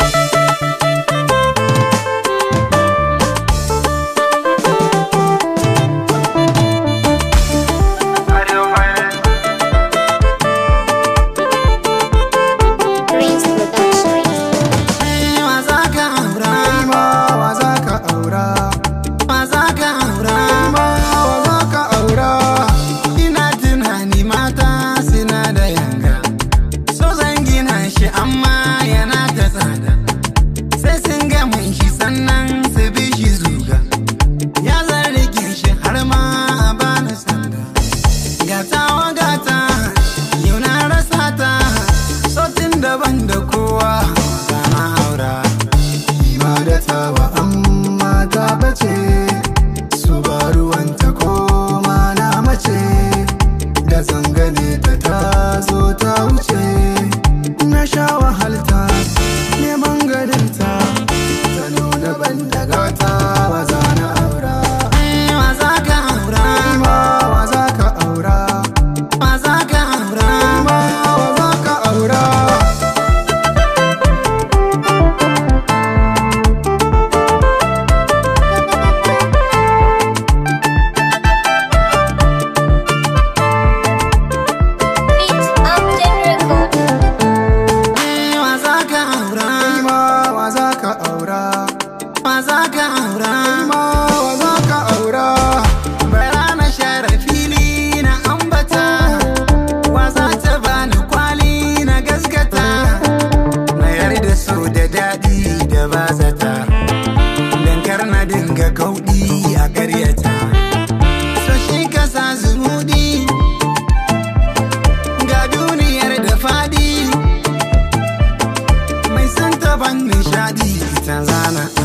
ん ba amma ta bace daɗi da ba zata don na dinga kauɗi a karyata so shi kasa zumudi ga duniyar da faɗi mai son taban nishadi ta zana